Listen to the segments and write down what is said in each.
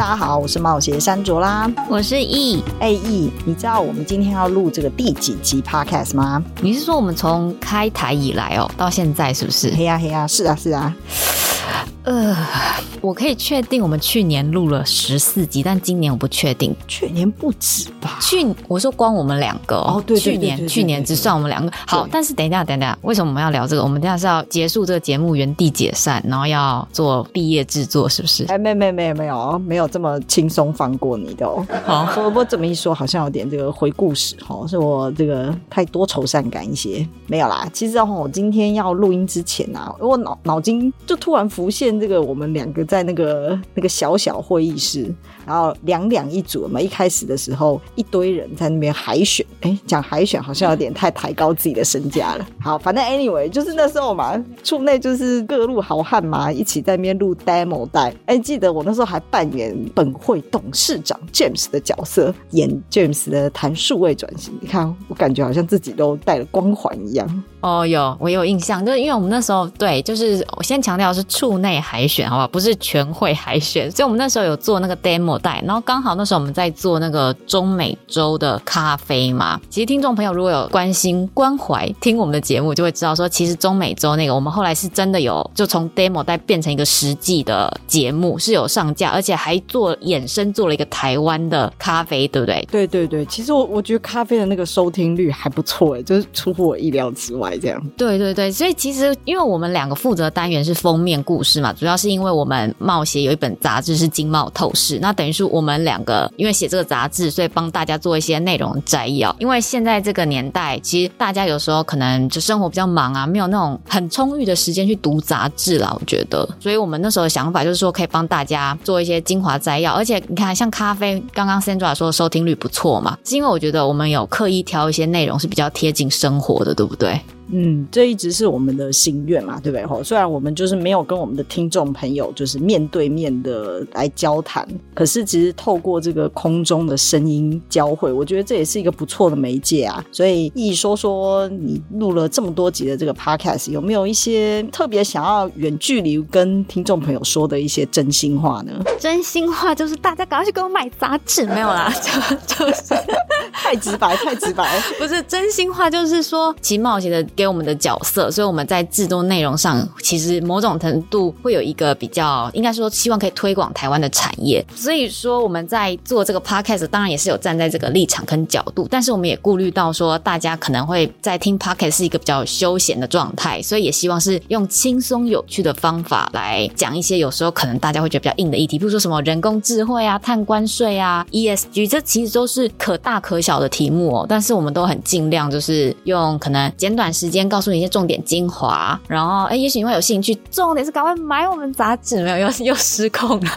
大家好，我是冒險山卓拉，我是易、e，哎易，你知道我們今天要錄這個第幾集 podcast 嗎？你是說我們從開台以來哦，到現在是不是？嘿呀、啊、嘿呀、啊，是啊是啊，呃。我可以確定，我們去年錄了十四集，但今年我不確定。去年不止吧？去，我說光我們兩個哦。對對對，對對對去年，對對對對對對去年只算我們兩個。好，但是等一下，等一下，為什麼我們要聊這個？我們等一下是要結束這個節目，原地解散，然後要做畢業制作，是不是？哎、欸，沒有沒有沒有沒有，沒有這麼輕鬆放過你的哦。好， 我不過這麼一說，好像有點這個回顧史齁，是我這個太多愁善感一些。沒有啦，其實齁，我今天要錄音之前啊，我腦腦筋就突然浮現這個我們兩個。在那個那個小小會議室。然後兩兩一組嘛，一開始的時候一堆人在那邊海選，哎，講海選好像有點太抬高自己的身價了。好，反正 anyway，就是那時候嘛，處內就是各路好漢嘛，一起在那邊錄 demo 帶。哎，記得我那時候還扮演本會董事長 James 的角色，演 James 的談數位轉型。你看，我感覺好像自己都帶了光環一樣。哦，有，我有印象，就是因為我們那時候對，就是我先強調是處內海選，好吧，不是全會海選，所以我們那時候有做那個 demo。然後剛好那時候我們在做那個中美洲的咖啡嘛。其實聽眾朋友如果有關心關懷聽我們的節目，就會知道說，其實中美洲那個我們後來是真的有就從 demo 帶變成一個實際的節目，是有上架，而且還做衍生做了一個台灣的咖啡，對不對？對對對，其實我我覺得咖啡的那個收聽率還不錯哎，就是出乎我意料之外這樣。對對對，所以其實因為我們兩個負責單元是封面故事嘛，主要是因為我們貿協有一本雜誌是《經貿透視》，那等於。是我們兩個，因為寫這個雜誌，所以幫大家做一些內容摘要。因為現在這個年代，其實大家有時候可能就生活比較忙啊，沒有那種很充裕的時間去讀雜誌啦。我覺得，所以我們那時候的想法就是說，可以幫大家做一些精華摘要。而且你看，像咖啡，剛剛 Sandra 說收聽率不錯嘛，是因為我覺得我們有刻意挑一些內容是比較貼近生活的，對不對？嗯，這一直是我們的心願嘛，對不對？吼，雖然我們就是沒有跟我們的聽眾朋友就是面對面的來交談，可是其實透過這個空中的聲音交匯，我覺得這也是一個不錯的媒介啊。所以，易說說你錄了這麼多集的這個 Podcast，有沒有一些特別想要遠距離跟聽眾朋友說的一些真心話呢？真心話就是大家趕快去給我買雜誌， 沒有啦，就就是 太直白，太直白。不是真心話，就是說其冒險的。給我們的角色，所以我們在製作內容上，其實某種程度會有一個比較，應該說希望可以推廣台灣的產業。所以說我們在做這個 Podcast，當然也是有站在這個立場跟角度，但是我們也顧慮到說，大家可能會在聽 Podcast 是一個比較休閒的狀態，所以也希望是用輕鬆有趣的方法來講一些有時候可能大家會覺得比較硬的議題，比如說什麼人工智慧啊、碳關稅啊、ESG 這其實都是可大可小的題目哦，但是我們都很儘量就是用可能簡短時間。今天告訴你一些重點精華，然後哎，也許你會有興趣。重點是趕快買我們雜誌，沒有又又失控了。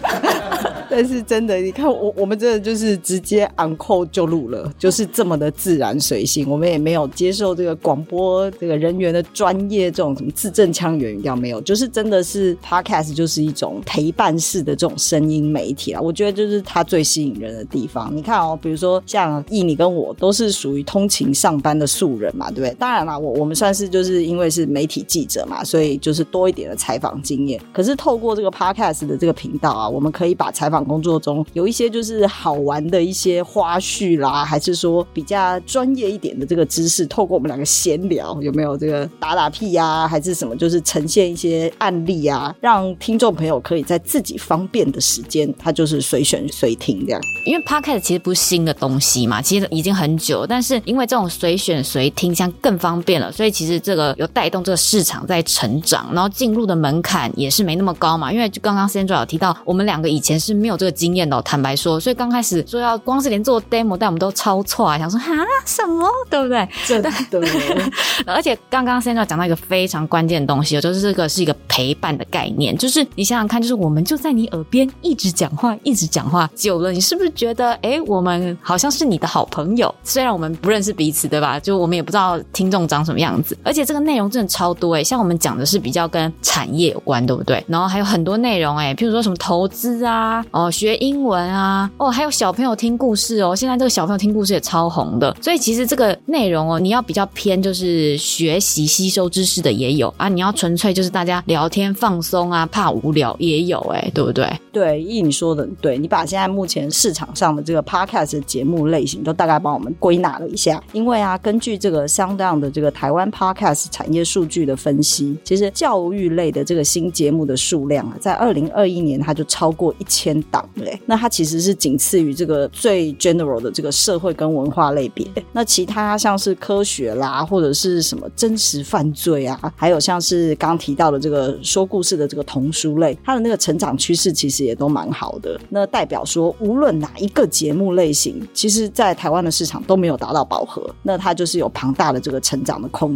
但是真的，你看我我們真的就是直接按扣就錄了，就是這麼的自然隨性。 我們也沒有接受這個廣播這個人員的專業這種什麼字正腔圓一定要，沒有，就是真的是 Podcast 就是一種陪伴式的這種聲音媒體啦，我覺得就是它最吸引人的地方。你看哦，比如說像藝你跟我都是屬於通勤上班的素人嘛，對不對？當然啦，我我們是。但是就是因為是媒體記者嘛，所以就是多一點的採訪經驗。可是透過這個 Podcast 的這個頻道啊，我們可以把採訪工作中有一些就是好玩的一些花絮啦，還是說比較專業一點的這個知識，透過我們兩個閒聊，有沒有這個打打屁呀、啊，還是什麼，就是呈現一些案例啊，讓聽眾朋友可以在自己方便的時間，他就是隨選隨聽這樣。因為 Podcast 其實不是新的東西嘛，其實已經很久，但是因為這種隨選隨聽這樣更方便了，所以。其實這個有帶動這個市場在成長，然後進入的門檻也是沒那麼高嘛。因為就剛剛 Sandra 有提到，我們兩個以前是沒有這個經驗的，坦白說，所以剛開始說要光是連做 demo，但我們都抄錯啊，想說哈什麼，對不對？對對。 而且剛剛 Sandra 講到一個非常關鍵的東西，就是這個是一個陪伴的概念，就是你想想看，就是我們就在你耳邊一直講話，一直講話，久了，你是不是覺得哎，我們好像是你的好朋友？雖然我們不認識彼此，對吧？就我們也不知道聽眾長什麼樣。樣子，而且這個內容真的超多哎、欸，像我們講的是比較跟產業有關，對不對？然後還有很多內容哎、欸，譬如說什麼投資啊，哦學英文啊，哦還有小朋友聽故事哦，現在這個小朋友聽故事也超紅的，所以其實這個內容哦，你要比較偏就是學習吸收知識的也有啊，你要純粹就是大家聊天放鬆啊，怕無聊也有哎、欸，對不對？對，一，你說的對，你把現在目前市場上的這個 Podcast 節目類型都大概幫我們歸納了一下，因為啊，根據這個相當的這個台灣。Podcast 產業數據的分析，其實教育類的這個新節目的數量啊，在二零二一年它就超過一千檔嘞。那它其實是僅次於這個最 general 的這個社會跟文化類別。那其他像是科學啦，或者是什麼真實犯罪啊，還有像是剛剛提到的這個說故事的這個童書類，它的那個成長趨勢其實也都蠻好的。那代表說，無論哪一個節目類型，其實在台灣的市場都沒有達到飽和，那它就是有龐大的這個成長的空間。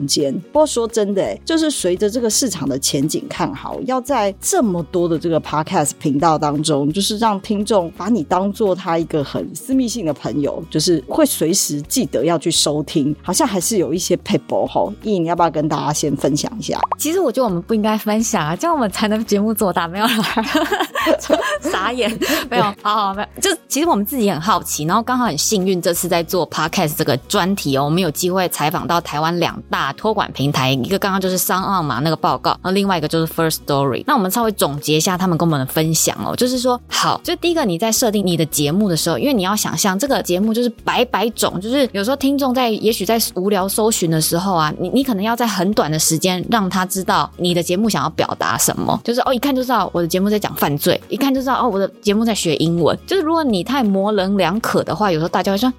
不過說真的、欸，哎，就是隨着這個市場的前景看好，要在這麼多的這個 Podcast 頻道當中，就是讓聽眾把你當做他一個很私密性的朋友，就是會隨時記得要去收聽。好像還是有一些 people 哈，伊，你要不要跟大家先分享一下？其實我覺得我們不應該分享啊，這樣我們才能節目做大。沒有人 傻眼， 沒有好好，沒有就其實我們自己很好奇，然後剛好很幸運這次在做 Podcast 這個專題哦，我們有機會採訪到台灣兩大。托管平台一個，剛剛就是 SoundOn 那個報告，那另外一個就是 Firstory。那我們稍微總結一下他們跟我們的分享哦，就是說好，就第一個你在設定你的節目的時候，因為你要想象這個節目就是百百種，就是有時候聽眾在也許在無聊搜尋的時候啊，你你可能要在很短的時間讓他知道你的節目想要表達什麼，就是哦一看就知道我的節目在講犯罪，一看就知道哦我的節目在學英文。就是如果你太模棱兩可的話，有時候大家會說，誒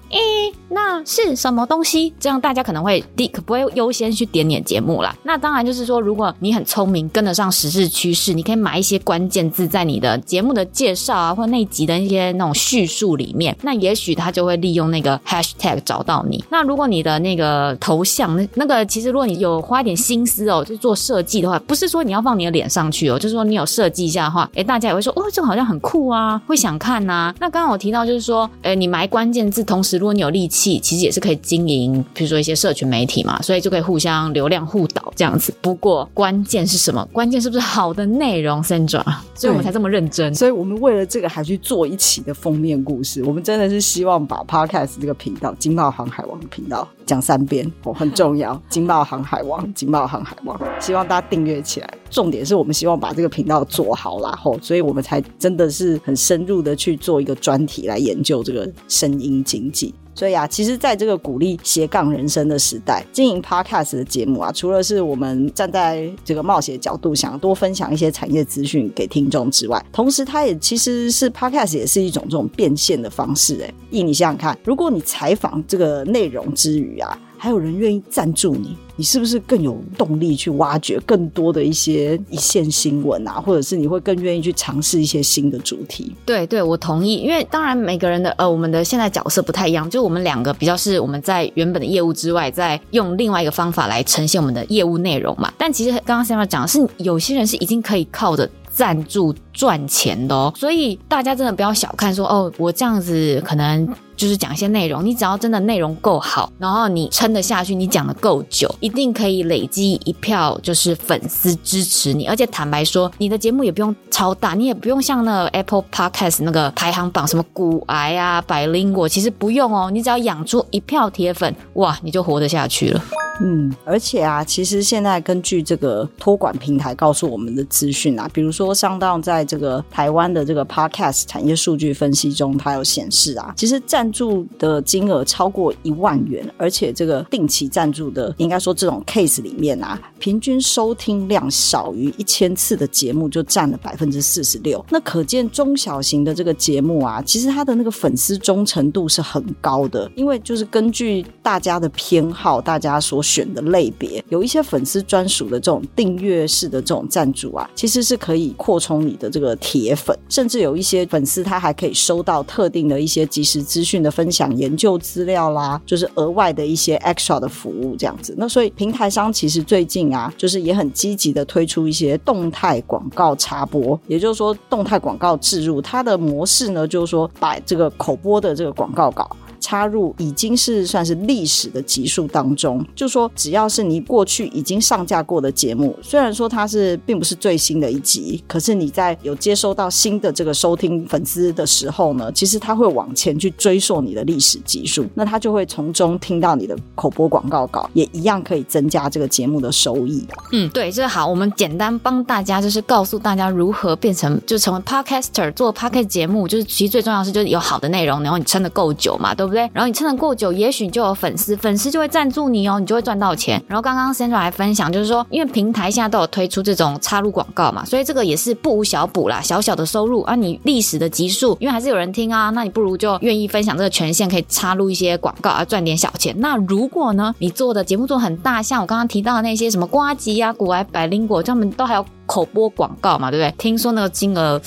那是什麼東西？這樣大家可能會聽，可不會優先，先去點點節目啦。那當然就是說，如果你很聰明，跟得上時事趨勢，你可以埋一些關鍵字在你的節目的介紹啊，或那集的一些那種敘述裡面。那也許他就會利用那個 hashtag 找到你。那如果你的那個頭像那那個，其實如果你有花一點心思哦，就做設計的話，不是說你要放你的臉上去哦，就是說你有設計一下的話，哎，大家也會說哦，這個好像很酷啊，會想看吶、啊。那剛剛我提到就是說，哎，你埋關鍵字，同時如果你有力氣，其實也是可以經營，比如說一些社群媒體嘛，所以就可以。互相流量互導這樣子，樣子，不過關鍵是什麼？關鍵是不是好的內容？Sandra，所以我們才這麼認真。所以我們為了這個還去做一期的封面故事。我們真的是希望把 Podcast 這個頻道“經貿航海王”的頻道講三遍哦，很重要，“經 貿航海王”，“經貿航海王”，希望大家訂閱起來。重點是我們希望把這個頻道做好了然後，所以我們才真的是很深入的去做一個專題來研究這個聲音經濟。所以啊，其實，在這個鼓勵斜槓人生的時代，經營 Podcast 的節目啊，除了是我們站在這個冒險角度，想要多分享一些產業資訊給聽眾之外，同時它也其實是 Podcast 也是一種這種變現的方式。哎，咦，你想想看，如果你採訪這個內容之餘啊，還有人願意贊助你。你是不是更有動力去挖掘更多的一些一線新聞啊？或者是你會更願意去嘗試一些新的主題？對，對我同意。因為當然每個人的呃，我們的現在角色不太一樣，就我們兩個比較是我們在原本的業務之外，在用另外一個方法來呈現我們的業務內容嘛。但其實剛剛 Simon 講的是，有些人是已經可以靠着贊助賺錢的哦。所以大家真的不要小看說哦，我這樣子可能。就是講一些內容，你只要真的內容夠好，然後你撐得下去，你講得夠久，一定可以累積一票，就是粉絲支持你。而且坦白說，你的節目也不用超大，你也不用像那個 Apple Podcast 那個排行榜什麼股癌啊、百靈果，其實不用哦。你只要養出一票鐵粉，哇，你就活得下去了。嗯，而且啊，其實現在根據這個托管平台告訴我們的資訊啊，比如說 SoundOn 在這個台灣的這個 Podcast 產業數據分析中，它有顯示啊，其實佔贊助的金額超過一萬元，而且這個定期贊助的，應該說這種 case 裡面啊，平均收聽量少於一千次的節目就佔了百分之四十六。那可見中小型的這個節目啊，其實它的那個粉絲忠誠度是很高的，因為就是根據大家的偏好，大家所選的類別，有一些粉絲專屬的這種訂閱式的這種贊助啊，其實是可以擴充你的這個鐵粉，甚至有一些粉絲他還可以收到特定的一些即時資訊。的分享研究資料啦，就是額外的一些 extra 的服務這樣子。那所以平台商其實最近啊，就是也很積極的推出一些動態廣告插播，也就是說動態廣告置入它的模式呢，就是說把這個口播的這個廣告稿。插入已經是算是歷史的集數當中，就說，只要是你過去已經上架過的節目，雖然說它是並不是最新的一集，可是你在有接收到新的這個收聽粉絲的時候呢，其實它會往前去追溯你的歷史集數，那它就會從中聽到你的口播廣告稿，也一樣可以增加這個節目的收益。嗯，對，這、就是、好，我們簡單幫大家就是告訴大家如何變成就成為 podcaster 做 podcast 節目，就是其實最重要是就是有好的內容，然後你撐得夠久嘛，都。對不對，然後你撐得過久，也許就有粉絲，粉絲就會贊助你哦，你就會賺到錢。然後剛剛 s e n r a 來分享，就是說，因為平台現在都有推出這種插入廣告嘛，所以這個也是不無小補啦，小小的收入啊。你歷史的集數，因為還是有人聽啊，那你不如就願意分享這個權限，可以插入一些廣告啊，賺點小錢。那如果呢，你做的節目做很大，像我剛剛提到的那些什麼呱吉呀、啊、股癌、百靈果，他們都還有口播廣告嘛，對不對？聽說那個金額，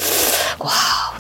哇！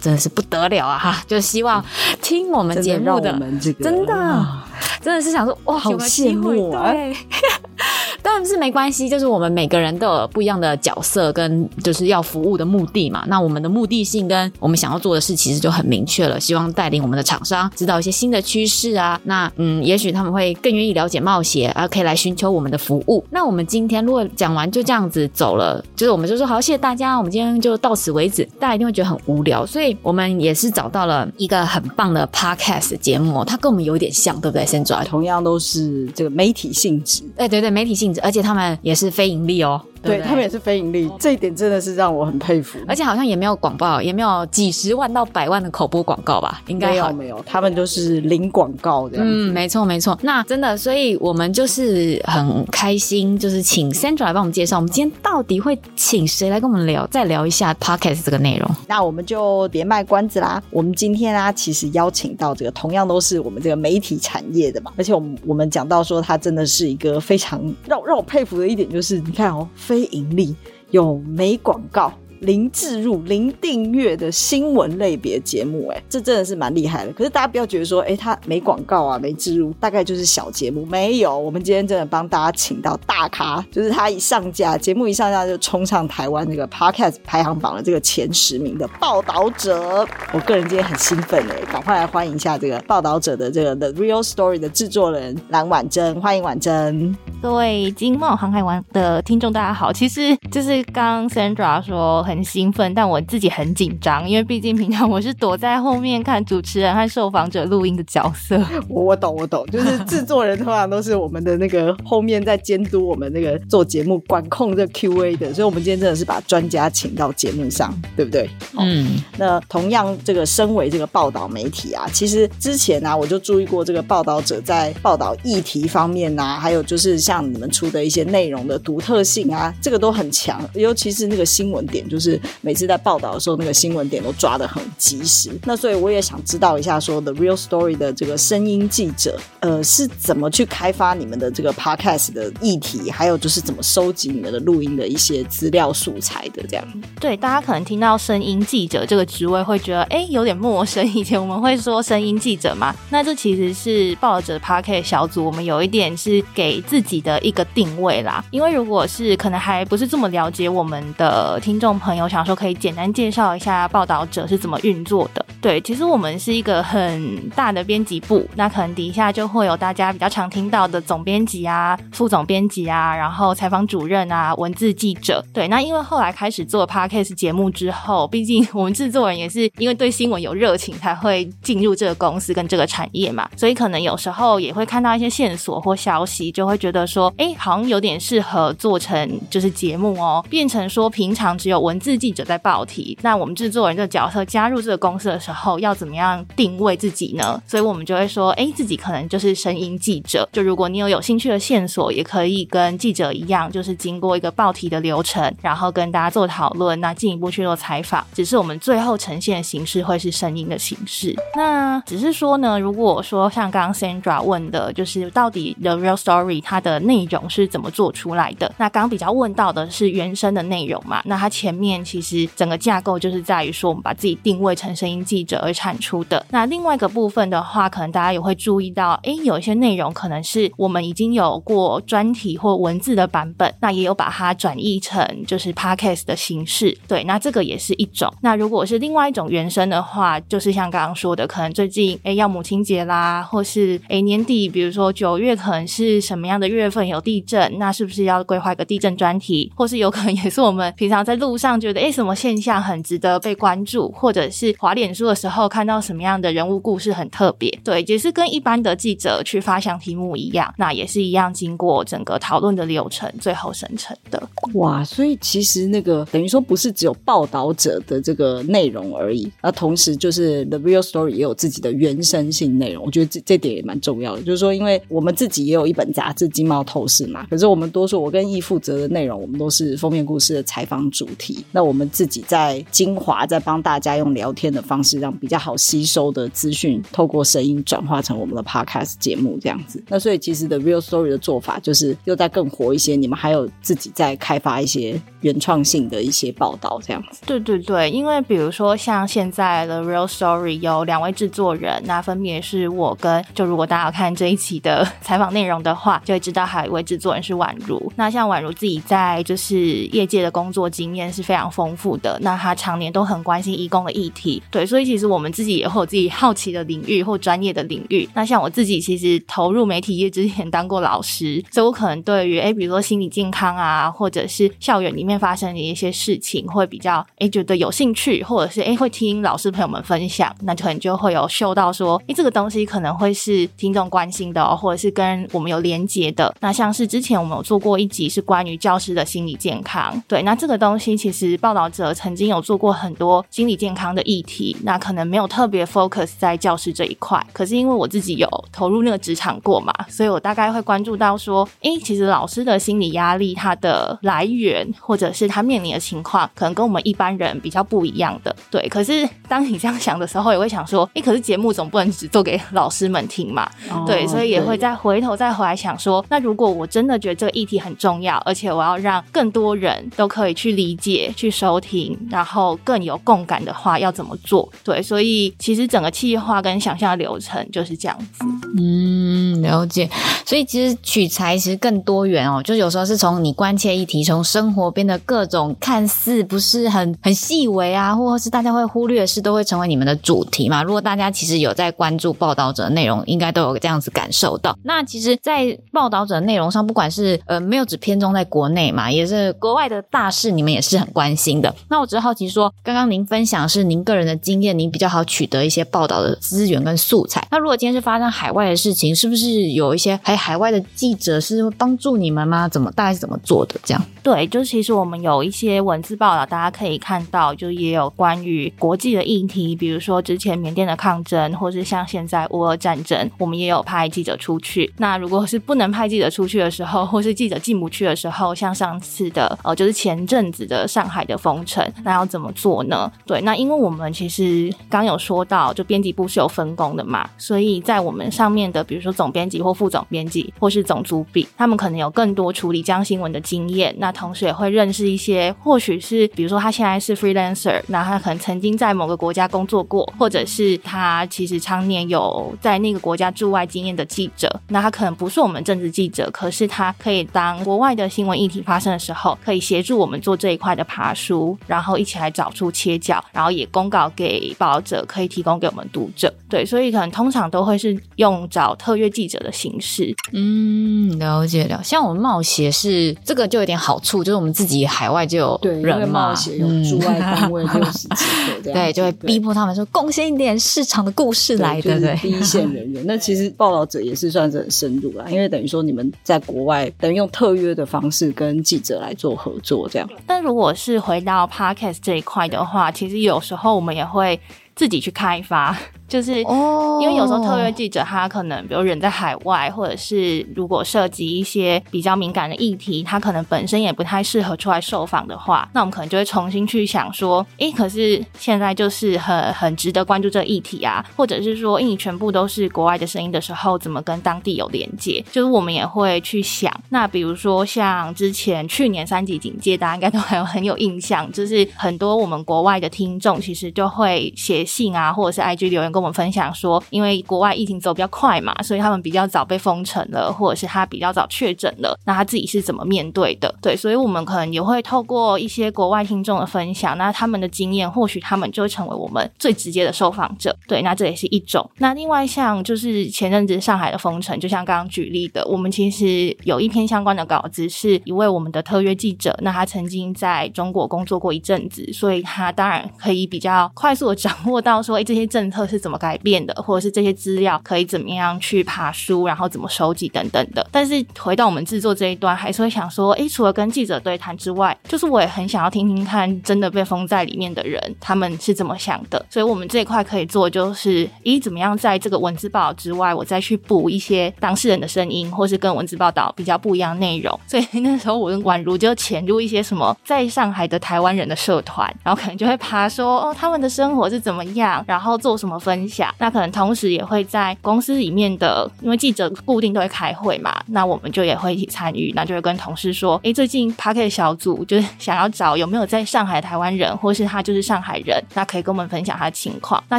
真的是不得了啊！哈，就希望聽我們節目的，真的，這個真的，真的是想說，哇，有有好羨慕啊！對 當然是沒關係，就是我們每個人都有不一樣的角色跟就是要服務的目的嘛。那我們的目的性跟我們想要做的事其實就很明確了，希望帶領我們的廠商知道一些新的趨勢啊。那嗯，也許他們會更願意了解冒險啊，而可以來尋求我們的服務。那我們今天如果講完就這樣子走了，就是我們就說好，謝謝大家，我們今天就到此為止，大家一定會覺得很無聊。所以我們也是找到了一個很棒的 podcast 節目，它跟我們有點像，對不對？先抓，同樣都是這個媒體性質。哎，對對，媒體性。而且他們也是非盈利哦。對，對，對，他們也是非盈利，哦，這一點真的是讓我很佩服。而且好像也沒有廣告，也沒有幾十萬到百萬的口播廣告吧？應該沒有，沒有，他們就是零廣告的。嗯，沒錯，沒錯。那真的，所以我們就是很開心，就是請 Sandra 來幫我們介紹。我們今天到底會請誰來跟我們聊？再聊一下 podcast 這個內容。那我們就別賣關子啦。我們今天啊，其實邀請到這個同樣都是我們這個媒體產業的嘛。而且我們我們講到說，他真的是一個非常讓讓我佩服的一點，就是你看哦。非盈利，又沒廣告，零置入、零訂閱的新聞類別節目、欸，哎，這真的是蠻厲害的。可是大家不要覺得說，哎、欸，它沒廣告啊、沒置入，大概就是小節目。沒有，我們今天真的幫大家請到大咖，就是他一上架，節目一上架就衝上台灣這個 Podcast 排行榜的這個前十名的報道者。我個人今天很興奮哎、欸，趕快來歡迎一下這個報道者的這個 The Real Story 的製作人藍婉珍。歡迎婉珍。各位經貿航海王的聽眾大家好，其實就是剛 Sandra 說。很興奮，但我自己很緊張，因為畢竟平常我是躲在後面看主持人和受訪者錄音的角色。我我懂，我懂，就是制作人通常都是我們的那個後面在監督我們那個做節目管控這 Q&A 的，所以我們今天真的是把專家請到節目上，對不對？嗯，哦、那同樣，這個身為這個報道媒體啊，其實之前呢、啊、我就注意過這個報道者在報道議題方面啊，還有就是像你們出的一些內容的獨特性啊，這個都很強，尤其是那個新聞點就是。就是每次在報道的時候，那個新聞點都抓得很及時。那所以我也想知道一下說，說 The Real Story 的這個聲音記者，呃，是怎麼去開發你們的這個 Podcast 的議題，還有就是怎麼收集你們的錄音的一些資料素材的？這樣。對，大家可能聽到“聲音記者”這個職位會覺得，哎，有點陌生。以前我們會說“聲音記者”嘛，那這其實是報導者 Podcast 小組，我們有一點是給自己的一個定位啦。因為如果是可能還不是這麼了解我們的聽眾，朋友想說可以簡單介紹一下報道者是怎麼運作的。對，其實我們是一個很大的編輯部，那可能底下就會有大家比較常聽到的總編輯啊、副總編輯啊，然後採訪主任啊、文字記者。對，那因為後來開始做 Podcast 節目之後，畢竟我們制作人也是因為對新聞有熱情才會進入這個公司跟這個產業嘛，所以可能有時候也會看到一些線索或消息，就會覺得說，誒，好像有點適合做成就是節目哦，變成說平常只有文。文字記者在報題，那我們製作人的角色加入這個公司的時候，要怎麼樣定位自己呢？所以我們就會說，哎、欸，自己可能就是聲音記者。就如果你有有興趣的線索，也可以跟記者一樣，就是經過一個報題的流程，然後跟大家做討論，那進一步去做採訪。只是我們最後呈現的形式會是聲音的形式。那只是說呢，如果我說像剛剛 Sandra 問的，就是到底 The Real Story 它的內容是怎麼做出來的？那剛比較問到的是原聲的內容嘛？那它前面。面其實整個架構就是在於說，我們把自己定位成聲音記者而產出的。那另外一個部分的話，可能大家也會注意到，誒、欸，有一些內容可能是我們已經有過專題或文字的版本，那也有把它轉譯成就是 Podcast 的形式。對，那這個也是一種。那如果是另外一種原聲的話，就是像剛剛說的，可能最近誒、欸，要母親節啦，或是誒、欸，年底，比如說九月，可能是什麼樣的月份有地震，那是不是要規劃一個地震專題，或是有可能也是我們平常在路上。覺得哎，什麼現象很值得被關注，或者是滑臉書的時候看到什麼樣的人物故事很特別，對，也、就是跟一般的記者去發想題目一樣，那也是一樣經過整個討論的流程，最後生成的。哇，所以其實那個等於說不是只有報導者的這個內容而已，那同時就是 The Real Story 也有自己的原生性內容，我覺得這這點也蠻重要的。就是說，因為我們自己也有一本雜誌《經貿透視》嘛，可是我們多數我跟易負責的內容，我們都是封面故事的採訪主題。那我們自己在精華，在幫大家用聊天的方式，讓比較好吸收的資訊，透過聲音轉化成我們的 Podcast 節目這樣子。那所以其實 The Real Story 的做法，就是又再更活一些。你們還有自己在開發一些原創性的一些報道這樣子。對對對，因為比如說像現在的 The Real Story 有兩位制作人，那分別是我跟，就如果大家有看這一期的採訪內容的話，就會知道還有一位制作人是宛如。那像宛如自己在就是業界的工作經驗是非。非常豐富的，那他常年都很關心義工的議題，對，所以其實我們自己也會有自己好奇的領域或專業的領域。那像我自己，其實投入媒體業之前當過老師，所以我可能對於哎，比如說心理健康啊，或者是校園裡面發生的一些事情，會比較哎覺得有興趣，或者是哎會聽老師朋友們分享，那可能就會有嗅到說哎這個東西可能會是聽眾關心的哦，或者是跟我們有連結的。那像是之前我們有做過一集是關於教師的心理健康，對，那這個東西其實。其實報導者曾經有做過很多心理健康的議題，那可能沒有特別 focus 在教師這一塊。可是因為我自己有投入那個職場過嘛，所以我大概會關注到說，哎、欸，其實老師的心理壓力它的來源，或者是他面臨的情況，可能跟我們一般人比較不一樣的。對，可是當你這樣想的時候，也會想說，哎、欸，可是節目總不能只做給老師們聽嘛，oh, 對，所以也會再回頭再回來想說，那如果我真的覺得這個議題很重要，而且我要讓更多人都可以去理解。去收聽，然後更有共感的話，要怎麼做？對，所以其實整個企劃跟想象流程就是這樣子。嗯，了解。所以其實取材其實更多元哦，就有時候是從你關切議題，從生活邊的各種看似不是很很細微啊，或者是大家會忽略的事，都會成為你們的主題嘛。如果大家其實有在關注報道者的內容，應該都有這樣子感受到。那其實，在報道者的內容上，不管是呃沒有只偏重在國內嘛，也是國外的大事，你們也是很關心的。那我只是好奇說，剛剛您分享是您個人的經驗，您比較好取得一些報道的資源跟素材。那如果今天是發生海外。的事情，是不是有一些？還、哎、有海外的記者是幫助你們嗎？怎麼大概是怎麼做的？這樣。對，就是其實我們有一些文字報道大家可以看到，就也有關於國際的議題，比如說之前緬甸的抗爭，或是像現在烏俄戰爭，我們也有派記者出去。那如果是不能派記者出去的時候，或是記者進不去的時候，像上次的呃，就是前陣子的上海的封城，那要怎麼做呢？對，那因為我們其實剛有說到，就編輯部是有分工的嘛，所以在我們上。面的，比如說總編輯或副總編輯，或是總主筆。他們可能有更多處理這樣新聞的經驗。那同時也會認識一些，或許是比如說他現在是 freelancer，那他可能曾經在某個國家工作過，或者是他其實常年有在那個國家駐外經驗的記者。那他可能不是我們政治記者，可是他可以當國外的新聞議題發生的時候，可以協助我們做這一塊的爬梳，然後一起來找出切角，然後也供稿給報導者，可以提供給我們讀者。對，所以可能通常都會是用。找特約記者的形式，嗯，了解了。像我們貿協是這個就有點好處，就是我們自己海外就有人嘛，對，因為貿協有駐外方位、嗯、就是期對，就會逼迫他們說 貢獻一點市場的故事來的，對，一、就是、線人員。 那其實報導者也是算是很深入啦，因為等於說你們在國外，等於用特約的方式跟記者來做合作這樣。但如果是回到 Podcast 這一塊的話，其實有時候我們也會自己去開發。就是因為有時候特約記者他可能比如人在海外，或者是如果涉及一些比較敏感的議題，他可能本身也不太適合出來受訪的話，那我們可能就會重新去想說，哎，可是現在就是很很值得關注這個議題啊，或者是說，因為你全部都是國外的聲音的時候，怎麼跟當地有連接？就是我們也會去想。那比如說像之前去年三級警戒，大家應該都還有很有印象，就是很多我們國外的聽眾其實就會寫信啊，或者是 IG 留言公。我們分享說，因為國外疫情走比較快嘛，所以他們比較早被封城了，或者是他比較早確診了，那他自己是怎麼面對的？對，所以我們可能也會透過一些國外聽眾的分享，那他們的經驗，或許他們就會成為我們最直接的受訪者。對，那這也是一種。那另外像就是前陣子上海的封城，就像剛剛舉例的，我們其實有一篇相關的稿子，是一位我們的特約記者，那他曾經在中國工作過一陣子，所以他當然可以比較快速的掌握到說，哎，這些政策是怎麼，改變的，或者是這些資料可以怎麼樣去爬書，然後怎麼收集等等的。但是回到我們製作這一段，還是會想說，誒、欸，除了跟記者對談之外，就是我也很想要聽聽看，真的被封在裡面的人，他們是怎麼想的。所以，我們這一塊可以做，就是，咦，怎麼樣在這個文字報道之外，我再去補一些當事人的聲音，或是跟文字報道比較不一樣的內容。所以那時候，我跟宛如就潛入一些什麼在上海的台灣人的社團，然後可能就會爬說，哦，他們的生活是怎麼樣，然後做什麼分分享，那可能同時也會在公司裡面的，因為記者固定都會開會嘛，那我們就也會一起參與，那就會跟同事說，哎，最近 Podcast 小組就是想要找有沒有在上海的台灣人，或是他就是上海人，那可以跟我們分享他的情況。那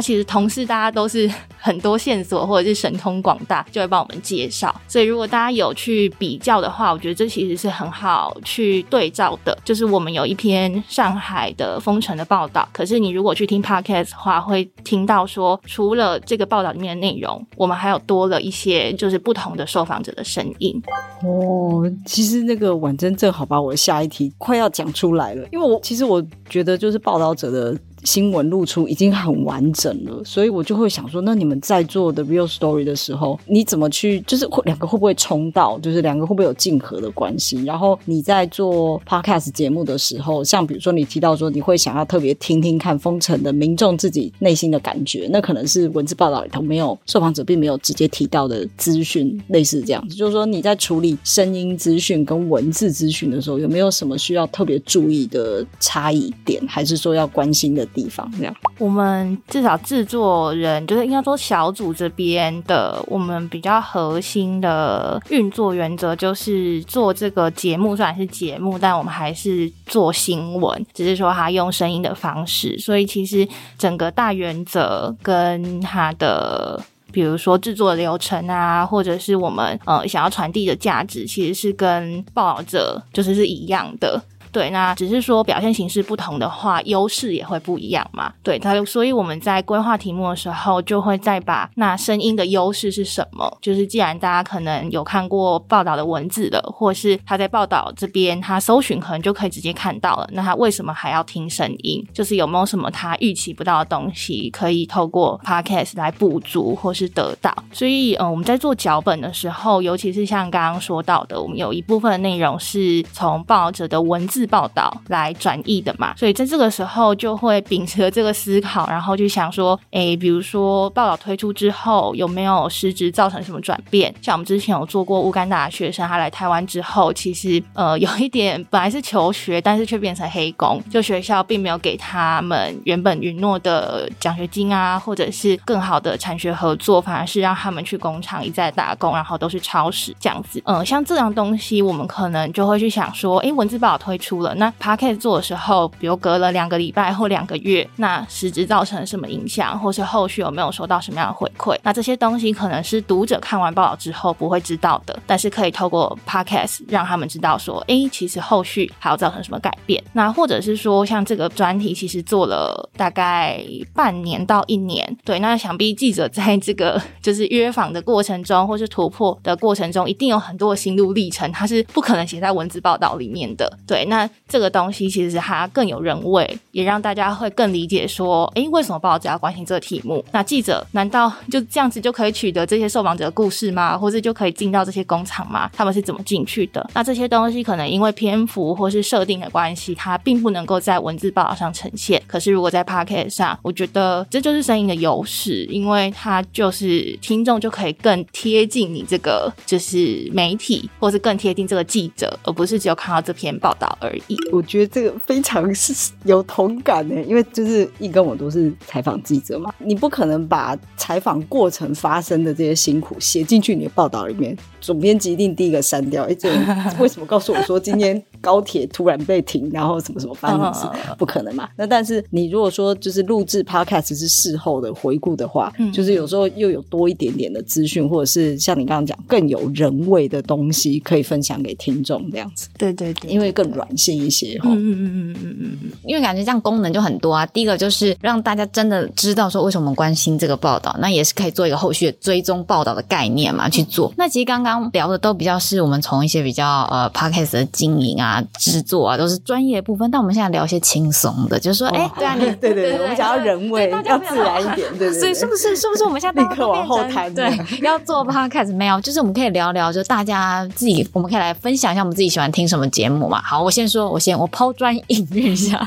其實同事大家都是很多線索，或者是神通廣大，就會幫我們介紹。所以如果大家有去比較的話，我覺得這其實是很好去對照的。就是我們有一篇上海的封城的報道，可是你如果去聽 Podcast 的話，會聽到說。除了這個報道裡面的內容，我們還有多了一些就是不同的受訪者的聲音。哦，其實那個婉珍正好把我的下一題快要講出來了，因為我其實我覺得就是報道者的。新聞露出已經很完整了，所以我就會想說，那你們在做的 real story 的時候，你怎麼去？就是會，兩個會不會衝到？就是兩個會不會有競合的關係？然後你在做 podcast 節目的時候，像比如說你提到說，你會想要特別聽聽看封城的民眾自己內心的感覺，那可能是文字報道裡頭沒有，受訪者並沒有直接提到的資訊，類似這樣子。就是說你在處理聲音資訊跟文字資訊的時候，有沒有什麼需要特別注意的差異點？還是說要關心的？地方這樣，我們至少製作人就是應該說小組這邊的，我們比較核心的運作原則就是做這個節目，雖然是節目，但我們還是做新聞，只是說他用聲音的方式。所以其實整個大原則跟他的，比如說製作流程啊，或者是我們呃想要傳遞的價值，其實是跟報導者就是是一樣的。對，那只是說表現形式不同的話，優勢也會不一樣嘛。對他，所以我們在規劃題目的時候，就會再把那聲音的優勢是什麼。就是既然大家可能有看過報道的文字的，或是他在報道這邊他搜尋，可能就可以直接看到了。那他為什麼還要聽聲音？就是有沒有什麼他預期不到的東西，可以透過 Podcast 來補足或是得到？所以，呃、嗯，我們在做腳本的時候，尤其是像剛剛說到的，我們有一部分的內容是從報道者的文字。報道來轉譯的嘛，所以在這個時候就會秉持着這個思考，然後就想說，哎，比如說報道推出之後，有沒有實質造成什麼轉變？像我們之前有做過烏干達學生，他來台灣之後，其實呃有一點本來是求學，但是卻變成黑工，就學校並沒有給他們原本允諾的獎學金啊，或者是更好的產學合作，反而是讓他們去工廠一再打工，然後都是超時這樣子。嗯、呃，像這樣東西，我們可能就會去想說，哎，文字報道推出。了，那 Podcast 做的時候，比如隔了兩個禮拜或兩個月，那實質造成什麼影響，或是後續有沒有收到什麼樣的回饋？那這些東西可能是讀者看完報道之後不會知道的，但是可以透過 Podcast 讓他們知道說，誒、欸，其實後續還要造成什麼改變？那或者是說，像這個專題其實做了大概半年到一年，對，那想必記者在這個就是約訪的過程中，或是突破的過程中，一定有很多的心路歷程，他是不可能寫在文字報道裡面的，對，那。這個東西其實它更有人味，也讓大家會更理解說，誒，為什麼報紙要關心這個題目？那記者難道就這樣子就可以取得這些受訪者的故事嗎？或是就可以進到這些工廠嗎？他們是怎麼進去的？那這些東西可能因為篇幅或是設定的關係，它並不能夠在文字報道上呈現。可是如果在 Podcast 上，我覺得這就是聲音的優勢，因為它就是聽眾就可以更貼近你這個就是媒體，或是更貼近這個記者，而不是只有看到這篇報道而已。我覺得這個非常是有同感的、欸，因為就是你跟我都是採訪記者嘛，你不可能把採訪過程發生的這些辛苦寫進去你的報道裡面，總編輯一定第一個刪掉。哎、欸，這為什麼告訴我說今天？ 高鐵突然被停，然後什麼什麼翻樣子，不可能嘛？那但是你如果說就是錄製 podcast 是事後的回顧的話、嗯，就是有時候又有多一點點的資訊，或者是像你剛剛講更有人味的東西可以分享給聽眾這樣子，對對，對，對，因為更軟性一些，嗯嗯嗯嗯嗯嗯，因為感覺這樣功能就很多啊。第一個就是讓大家真的知道說為什麼我們關心這個報道，那也是可以做一個後續的追蹤報道的概念嘛、嗯、去做。那其實剛剛聊的都比較是我們從一些比較呃 podcast 的經營啊。啊，製作啊，都是專業部分。但我們現在聊一些輕鬆的，就是說，哎、欸，對啊，你，對對對，對對對我們想要人味，要自然一點，對不對，對。所以是不是 是不是？我們現在立刻往後台，對，要做吧，開始沒有，就是我們可以聊聊，就大家自己，我們可以來分享一下我們自己喜歡聽什麼節目嘛。好，我先說，我先我拋磚引玉一下，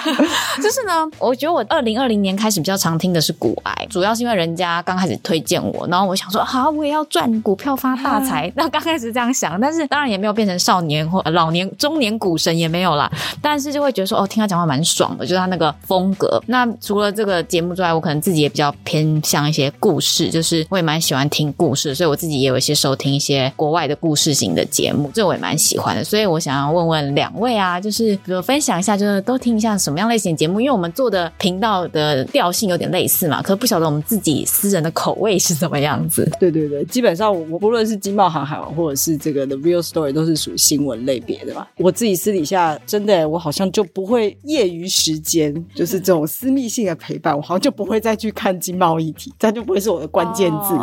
就是呢，我覺得我二零二零年開始比較常聽的是股癌，主要是因為人家剛開始推薦我，然後我想說，好，我也要賺股票發大財， 那剛開始這樣想，但是當然也沒有變成少年或老年。中年股神，也沒有啦，但是就會覺得說，哦，聽他講話蠻爽的，就是他那個風格。那除了這個節目之外，我可能自己也比較偏向一些故事，就是我也蠻喜歡聽故事，所以我自己也有一些收聽一些國外的故事型的節目，這我也蠻喜歡的。所以我想要問問兩位啊，就是比如分享一下，就是都聽一下什麼樣類型的節目，因為我們做的頻道的調性有點類似嘛，可不曉得我們自己私人的口味是什麼樣子。對對對，基本上我不論是金茂航海王或者是這個 The Real Story，都是屬於新聞類別的嘛。我自己私底下真的，我好像就不會業餘時間就是這種私密性的陪伴，我好像就不會再去看經貿議題，這樣就不會是我的關鍵字，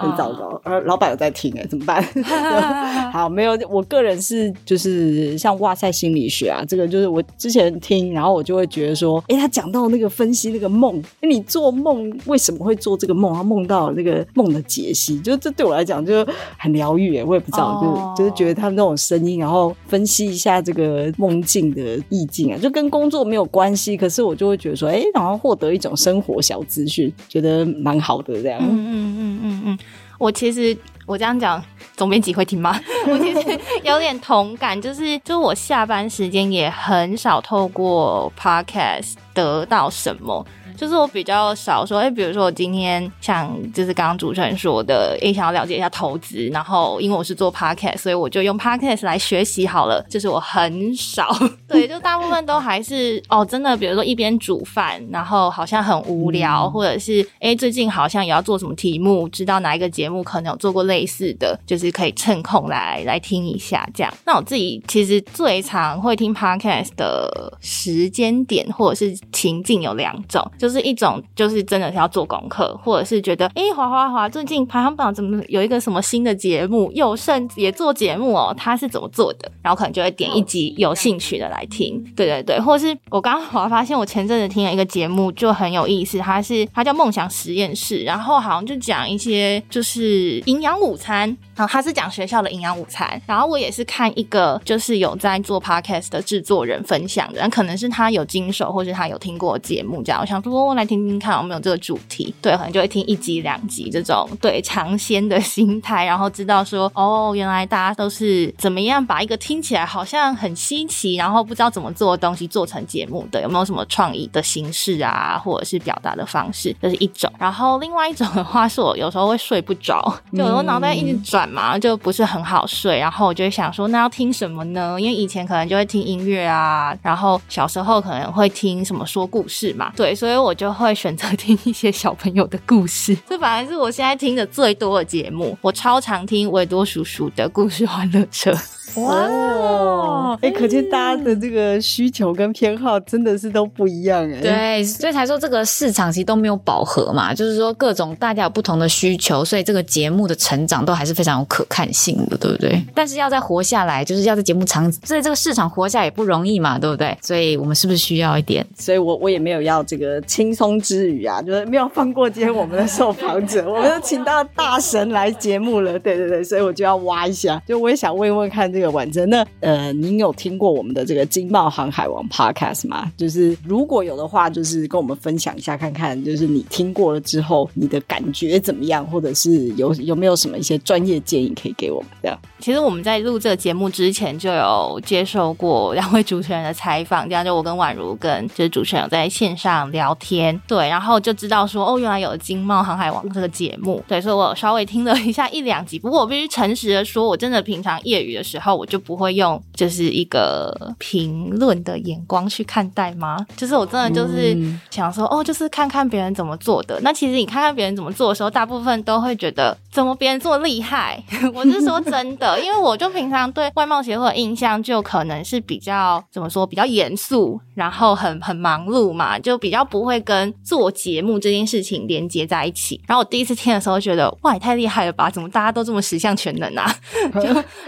很糟糕。而老闆有在聽哎，怎麼辦？ 好，沒有，我個人是就是像哇塞心理學啊，這個就是我之前聽，然後我就會覺得說，哎、欸，他講到那個分析那個夢，欸、你做夢為什麼會做這個夢，他夢到那個夢的解析，就是這對我來講就很療癒哎，我也不知道，oh. 就是就是覺得他那種聲音，然後分析。記一下這個夢境的意境啊，就跟工作沒有關係，可是我就會覺得說，哎、欸，然後獲得一種生活小資訊，覺得蠻好的這樣。嗯嗯嗯嗯嗯，我其實我這樣講，總編輯會聽嗎？我其實有點同感， 就是就我下班時間也很少透過 Podcast 得到什麼。就是我比較少說，哎、欸，比如說我今天像就是剛剛主持人說的，哎、欸，想要了解一下投資，然後因為我是做 Podcast，所以我就用 Podcast 來學習好了。就是我很少， 對，就大部分都還是哦，真的，比如說一邊煮飯，然後好像很無聊，嗯、或者是哎、欸，最近好像也要做什麼題目，知道哪一個節目可能有做過類似的，就是可以趁空來來聽一下這樣。那我自己其實最常會聽 Podcast 的時間點或者是情境有兩種，就就是一種，就是真的是要做功課，或者是覺得，哎、欸，華華華最近排行榜怎麼有一個什麼新的節目？又甚至也做節目哦，他是怎麼做的？然後可能就會點一集有興趣的來聽。對對對，或者是我剛剛好像發現，我前陣子聽了一個節目就很有意思，它是它叫夢想實驗室，然後好像就講一些就是營養午餐。他是講學校的營養午餐，然後我也是看一個就是有在做 podcast 的製作人分享的，但可能是他有經手或者他有聽過節目這樣，我想說、哦、來聽聽看有沒有這個主題，對，可能就會聽一集兩集這種對嘗鮮的心態，然後知道說哦，原來大家都是怎麼樣把一個聽起來好像很新奇，然後不知道怎麼做的東西做成節目的，有沒有什麼創意的形式啊，或者是表達的方式，這、就是一種。然後另外一種的話是我有時候會睡不着，就我腦袋一直轉。嗯嘛，就不是很好睡，然後我就想說，那要聽什麼呢？因為以前可能就會聽音樂啊，然後小時候可能會聽什麼說故事嘛，對，所以我就會選擇聽一些小朋友的故事，這本來是我現在聽的最多的節目，我超常聽維多叔叔的故事歡樂車。 哇、wow, 哦，哎、欸，可見大家的這個需求跟偏好真的是都不一樣哎、欸。對，所以才說這個市場其實都沒有飽和嘛，就是說各種大家有不同的需求，所以這個節目的成長都還是非常有可看性的，對不對？但是要再活下來，就是要在節目場，所以這個市場活下來也不容易嘛，對不對？所以我們是不是需要一點？所以我我也沒有要這個輕鬆之餘啊，就是沒有放過今天我們的受訪者， 我們又請到大神來節目了，對對對，所以我就要挖一下，就我也想問問看這個。這個完整那呃，您有聽過我們的這個《經貿航海王》Podcast 嗎？就是如果有的話，就是跟我們分享一下，看看就是你聽過了之後，你的感覺怎麼樣，或者是有有沒有什麼一些專業建議可以給我們？這樣。其實我們在錄這個節目之前，就有接受過兩位主持人的採訪，這樣就我跟婉如跟就是主持人有在線上聊天，對，然後就知道說哦，原來有《經貿航海王》這個節目，對，所以我稍微聽了一下一兩集。不過我必須誠實的說，我真的平常業餘的時候，我就不會用就是一個評論的眼光去看待嗎？就是我真的就是想說，嗯、哦，就是看看別人怎麼做的。那其實你看看別人怎麼做的時候，大部分都會覺得，怎麼別人這麼厲害？ 我是說真的， 因為我就平常對外貿協會的印象就可能是比較怎麼說，比較嚴肅，然後很很忙碌嘛，就比較不會跟做節目這件事情連接在一起。然後我第一次聽的時候，覺得哇，也太厲害了吧？怎麼大家都這麼十項全能啊？ 就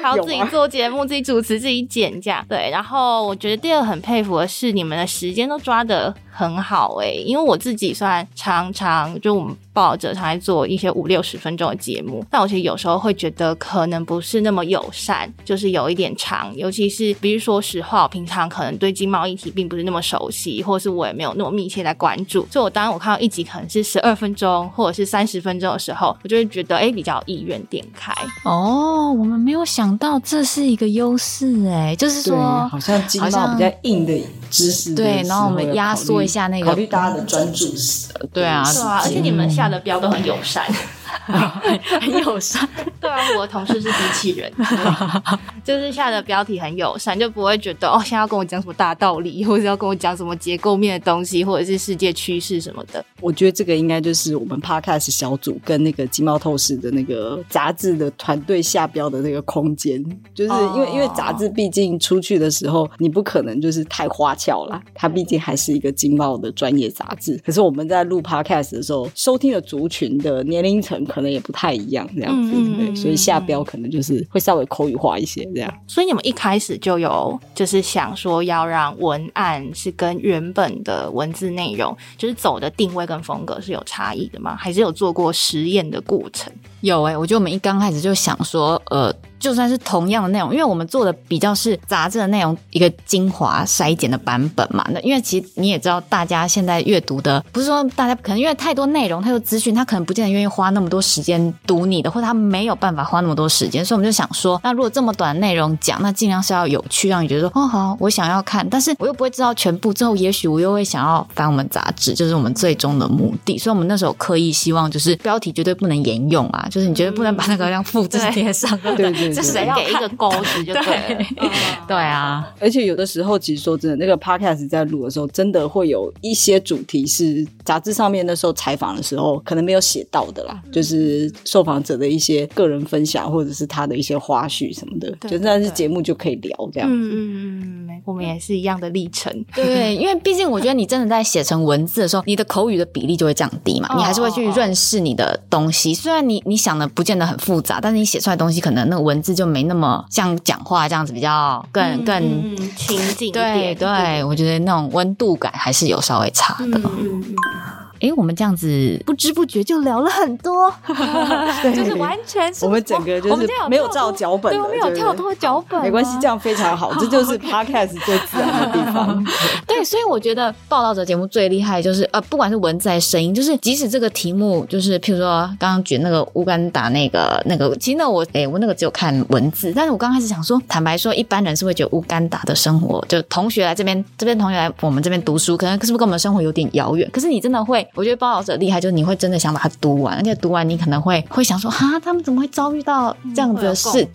還要自己做。節目自己主持自己剪架，對，然後我覺得第二個很佩服的是你們的時間都抓得很好哎、欸，因為我自己雖然常常就我們報導者常在做一些五六十分鐘的節目，但我其實有時候會覺得可能不是那麼友善，就是有一點長，尤其是比如說實話，我平常可能對經貿議題並不是那麼熟悉，或者是我也沒有那麼密切在關注，所以我當然我看到一集可能是十二分鐘或者是三十分鐘的時候，我就會覺得哎比較意願點開哦，oh, 我們沒有想到這是。是一個優勢哎、欸，就是說好像經常比較硬的知識的，對，然後我們壓縮一下那個，考慮大家的專注時、嗯，對啊，是、嗯、啊，而且你們下的標都很友善。嗯 很友善，對啊，我的同事是機器人，就是下的標題很友善，就不會覺得哦，現在要跟我講什麼大道理，或者是要跟我講什麼結構面的東西，或者是世界趨勢什麼的。我覺得這個應該就是我們 Podcast 小組跟那個經貿透視的那個雜誌的團隊下標的那個空間，就是因為、oh. 因為雜誌畢竟出去的時候，你不可能就是太花俏啦，它畢竟還是一個經貿的專業雜誌。可是我們在錄 Podcast 的時候，收聽了族群的年齡層，可能也不太一樣，這樣子對不、嗯、對？所以下標可能就是會稍微口語化一些，這樣。所以你們一開始就有就是想說要讓文案是跟原本的文字內容就是走的定位跟風格是有差異的嗎？還是有做過實驗的過程？有哎、欸，我覺得我們一剛開始就想說，呃。就算是同樣的內容，因為我們做的比較是雜誌的內容一個精華篩減的版本嘛。那因為其實你也知道，大家現在閱讀的不是說大家可能因為太多內容，太多資訊，他可能不見得願意花那麼多時間讀你的，或者他沒有辦法花那麼多時間。所以我們就想說，那如果這麼短的內容講，那盡量是要有趣，讓你覺得說哦好，我想要看，但是我又不會知道全部。之後也許我又會想要翻我們雜誌，就是我們最終的目的。所以我們那時候刻意希望就是標題絕對不能沿用啊，就是你絕對不能把那個像複製貼上， 對不對？對。 是誰給一個鈎子就對, 對、嗯，對啊。而且有的時候，其實說真的，那個 podcast 在錄的時候，真的會有一些主題，是雜誌上面那時候採訪的時候可能沒有寫到的啦，嗯、就是受訪者的一些個人分享，或者是他的一些花絮什麼的。對對對，就那是節目就可以聊這樣。嗯嗯嗯，我們也是一樣的歷程、嗯。對，因為畢竟我覺得你真的在寫成文字的時候，你的口語的比例就會降低嘛。哦、你還是會去認識你的東西。哦、雖然你你想的不見得很複雜，但是你寫出來的東西可能那個文。這就沒那麼像講話這樣子，比較更更親、嗯、近、嗯。對對、嗯，我覺得那種溫度感還是有稍微差的。嗯嗯嗯嗯誒，我們這樣子不知不覺就聊了很多， 對就是完全是，我們整個就是沒有照腳本，沒有跳脫腳本，對對沒腳本、啊，沒關係，這樣非常好，好，這就是 podcast、okay、最自然的地方 對。對，所以我覺得報導者節目最厲害就是呃，不管是文字、還是聲音，就是即使這個題目就是譬如說剛剛舉那個烏干達那個那個，其實呢我誒，我那個只有看文字，但是我剛開始想說，坦白說一般人是會覺得烏干達的生活，就同學來這邊這邊同學來我們這邊讀書，可能是不是跟我們生活有點遙遠，可是你真的會。我覺得報導者厲害，就是你會真的想把它讀完，而且讀完你可能會會想說，哈，他們怎麼會遭遇到這樣子的事？嗯、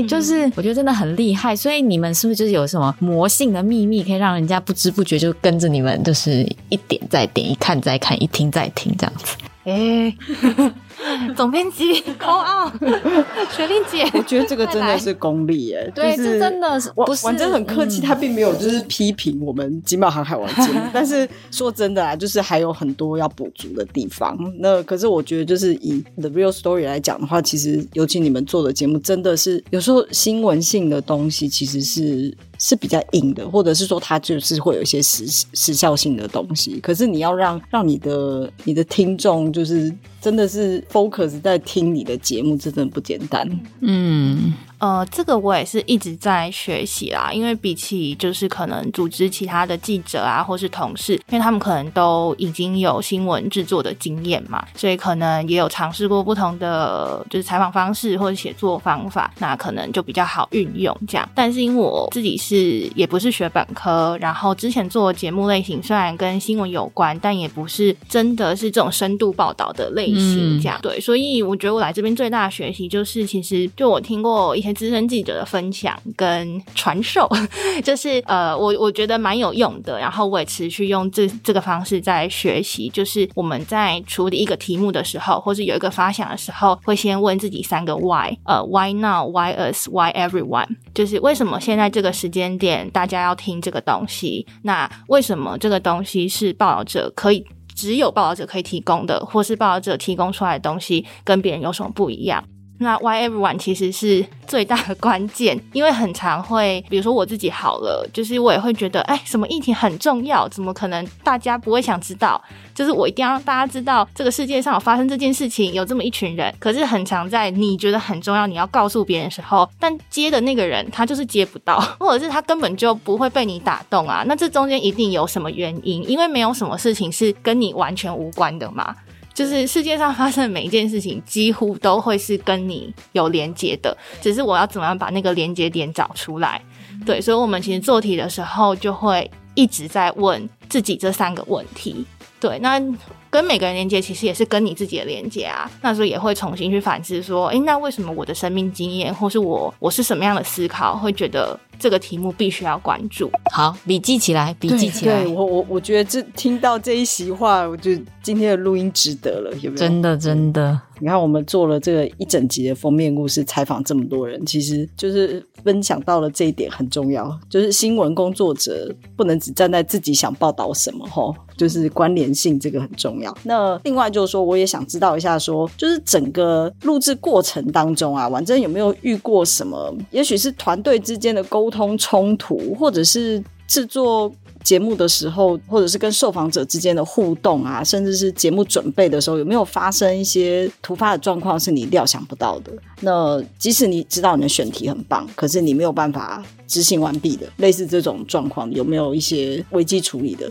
對，就是我覺得真的很厲害。所以你們是不是就是有什麼魔性的秘密，可以讓人家不知不覺就跟着你們，就是一點再點，一看再看，一聽再聽這樣子？誒、欸。 總編輯高傲， 雪莉姐，我覺得這個真的是功力耶。對，是真的、就是、是，我真的很客氣、嗯，他並沒有就是批評我們金寶航海王節目。 但是說真的啊，就是還有很多要補足的地方。 那可是我覺得，就是以 The Real Story 來講的話，其實尤其你們做的節目，真的是有時候新聞性的東西，其實是。嗯是比較硬的，或者是說它就是會有一些時時效性的東西。可是你要讓讓你的你的聽眾就是真的是 focus 在聽你的節目，這真的不簡單。嗯。呃，這個我也是一直在學習啦，因為比起就是可能組織其他的記者啊，或是同事，因為他們可能都已經有新聞制作的經驗嘛，所以可能也有嘗試過不同的就是採訪方式或者寫作方法，那可能就比較好運用這樣。但是因為我自己是也不是學本科，然後之前做的節目類型雖然跟新聞有關，但也不是真的是這種深度報道的類型這樣、嗯。對，所以我覺得我來這邊最大的學習就是，其實就我聽過一些。資深記者的分享跟傳授，就是呃，我我覺得蠻有用的。然後我也持續用這這個方式在學習。就是我們在處理一個題目的時候，或是有一個發想的時候，會先問自己三個 why，呃，why now？Why us？Why everyone？就是為什麼現在這個時間點大家要聽這個東西？那為什麼這個東西是報導者可以只有報導者可以提供的，或是報導者提供出來的東西跟別人有什麼不一樣？那 Why everyone 其實是最大的關鍵，因為很常會，比如說我自己好了，就是我也會覺得，哎、欸，什麼議題很重要？怎麼可能大家不會想知道？就是我一定要讓大家知道，這個世界上有發生這件事情，有這麼一群人。可是很常在你覺得很重要，你要告訴別人的時候，但接的那個人他就是接不到，或者是他根本就不會被你打動啊。那這中間一定有什麼原因，因為沒有什麼事情是跟你完全無關的嘛。就是世界上發生的每一件事情，幾乎都會是跟你有連接的，只是我要怎麼樣把那個連接點找出來，嗯。對，所以我們其實做題的時候，就會一直在問自己這三個問題。對，那跟每個人連接，其實也是跟你自己的連接啊。那時候也會重新去反思說，誒、欸，那為什麼我的生命經驗，或是我我是什麼樣的思考，會覺得？這個題目必須要關注，好，筆記起來，筆記起來。對對，我我我覺得這聽到這一席話，我覺得今天的錄音值得了，有沒有，真的真的。你看我們做了這個一整集的封面故事，採訪這麼多人，其實就是分享到了這一點很重要，就是新聞工作者不能只站在自己想報道什麼，哦，就是關聯性這個很重要。那另外就是說，我也想知道一下說，說就是整個錄製過程當中啊，反正有沒有遇過什麼？也許是團隊之間的溝。溝通衝突，或者是製作節目的時候，或者是跟受訪者之間的互動啊，甚至是節目準備的時候，有沒有發生一些突發的狀況是你料想不到的？那即使你知道你的選題很棒，可是你沒有辦法執行完畢的，類似這種狀況，有沒有一些危機處理的？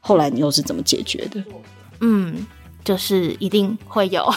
後來你又是怎麼解決的？嗯。就是一定會有，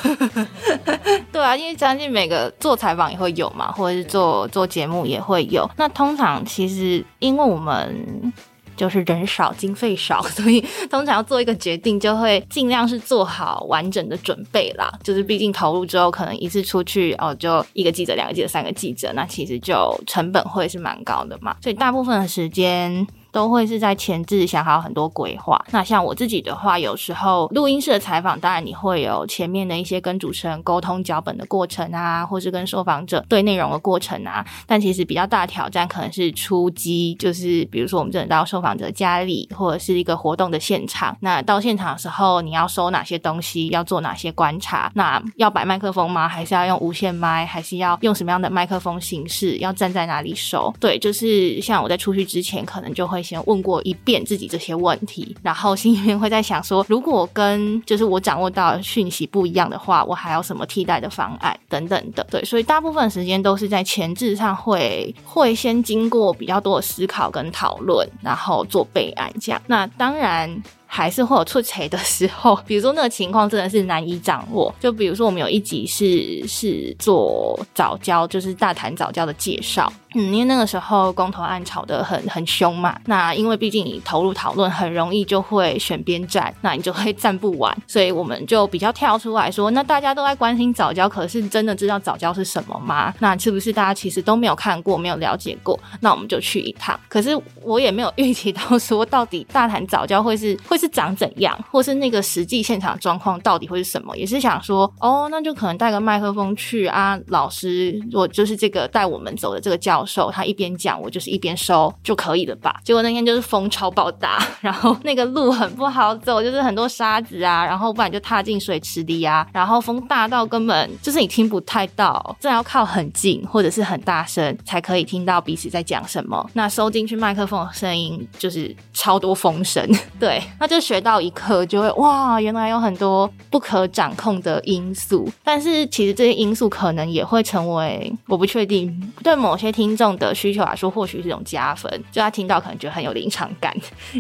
對啊，因為相信每個做採訪也會有嘛，或者是做做節目也會有。那通常其實因為我們就是人少、經費少，所以通常要做一個決定，就會盡量是做好完整的準備啦。就是畢竟投入之後，可能一次出去哦，就一個記者、兩個記者、三個記者，那其實就成本會是蠻高的嘛。所以大部分的時間。都會是在前置想好很多規劃。那像我自己的話，有時候錄音室的採訪，當然你會有前面的一些跟主持人溝通腳本的過程啊，或是跟受訪者對內容的過程啊。但其實比較大挑戰可能是出擊，就是比如說我們真的到受訪者家裡，或者是一個活動的現場。那到現場的時候，你要收哪些東西？要做哪些觀察？那要擺麥克風嗎？還是要用無線麥？還是要用什麼樣的麥克風形式？要站在哪裡收？對，就是像我在出去之前，可能就會。前問過一遍自己這些問題，然後心裡面會在想說，如果跟就是我掌握到訊息不一樣的話，我還有什麼替代的方案等等的。對，所以大部分時間都是在前置上會會先經過比較多的思考跟討論，然後做備案這樣，那當然。還是會有出彩的時候，比如說那個情況真的是難以掌握。就比如說我們有一集是是做藻礁，就是大潭藻礁的介紹。嗯，因為那個時候公投案吵得很很凶嘛，那因為畢竟你投入討論，很容易就會選邊站，那你就會站不完，所以我們就比較跳出來說，那大家都在關心藻礁，可是真的知道藻礁是什麼嗎？那是不是大家其實都沒有看過，沒有了解過？那我們就去一趟。可是我也沒有預期到說，到底大潭藻礁會是會。是長怎樣，或是那個實際現場的狀況到底會是什麼？也是想說，哦，那就可能帶個麥克風去啊。老師，我就是這個帶我們走的這個教授，他一邊講，我就是一邊收就可以了吧。結果那天就是風超爆大，然後那個路很不好走，就是很多沙子啊，然後不然就踏進水池裡啊。然後風大到根本就是你聽不太到，真的要靠很近或者是很大聲才可以聽到彼此在講什麼。那收進去麥克風的聲音就是超多風聲，對。就學到一課，就會哇，原來有很多不可掌控的因素。但是其實這些因素可能也會成為我不確定對某些聽眾的需求來說，或許是一種加分。就他聽到可能覺得很有臨場感，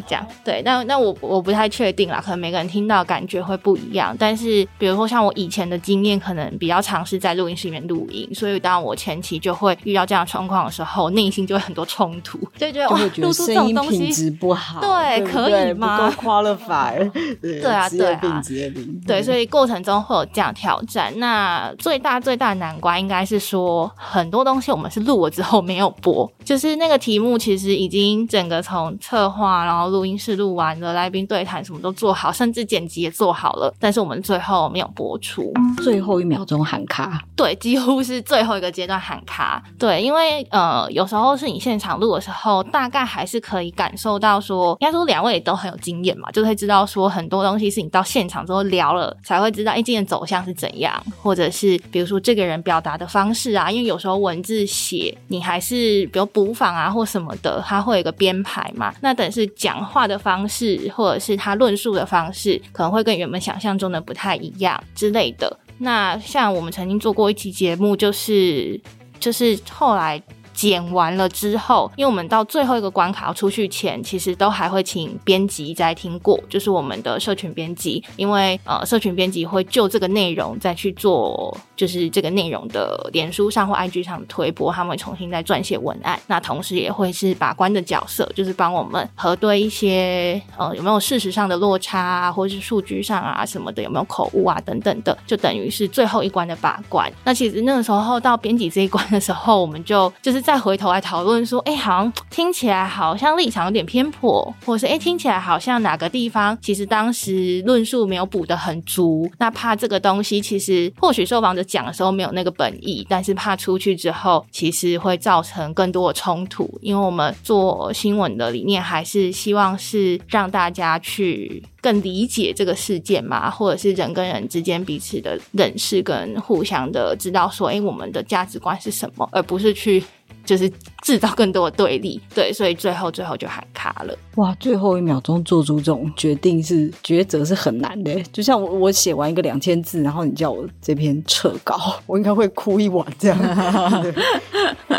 這樣對。那那我我不太確定啦，可能每個人聽到感覺會不一樣。但是比如說像我以前的經驗，可能比較嘗試在錄音室裡面錄音，所以當我前期就會遇到這樣狀況的時候，內心就會很多衝突，所以就，就會覺得哇，聲音品質不好，對，可以嗎？了對,對,、啊、對啊，對啊、嗯，對，所以過程中會有這樣挑戰。那最大最大的難關應該是說，很多東西我們是錄了之後沒有播，就是那個題目其實已經整個從策劃，然後錄音室錄完了，來賓對談什麼都做好，甚至剪輯也做好了，但是我們最後沒有播出。嗯、最後一秒鐘喊卡，對，幾乎是最後一個階段喊卡。對，因為呃，有時候是你現場錄的時候，大概還是可以感受到說，應該說兩位都很有經驗嘛。就會知道說很多東西是你到現場之後聊了才會知道，案件走向是怎樣，或者是比如說這個人表達的方式啊，因為有時候文字寫你還是比如補訪啊或什麼的，它會有個編排嘛。那等於是講話的方式或者是他論述的方式，可能會跟原本想象中的不太一樣之類的。那像我們曾經做過一期節目，就是就是後來。剪完了之後，因為我們到最後一個關卡要出去前，其實都還會請編輯再聽過，就是我們的社群編輯，因為呃，社群編輯會就這個內容再去做，就是這個內容的臉書上或 IG 上的推播，他們會重新再撰寫文案，那同時也會是把關的角色，就是幫我們核對一些呃有沒有事實上的落差啊，或者是數據上啊什麼的有沒有口誤啊等等的，就等於是最後一關的把關。那其實那個時候到編輯這一關的時候，我們就就是。再回頭來討論說，哎、欸，好像聽起來好像立場有點偏頗，或者是哎、欸，聽起來好像哪個地方其實當時論述沒有補得很足。那怕這個東西其實或許受訪者講的時候沒有那個本意，但是怕出去之後其實會造成更多的衝突。因為我們做新聞的理念還是希望是讓大家去更理解這個事件嘛，或者是人跟人之間彼此的認識跟互相的知道說，哎、欸，我們的價值觀是什麼，而不是去。就是製造更多的對立，對，所以最後最後就喊卡了。哇，最後一秒鐘做出這種決定是抉擇是很難的。就像我我寫完一個兩千字，然後你叫我這篇撤稿，我應該會哭一晚。這樣， 對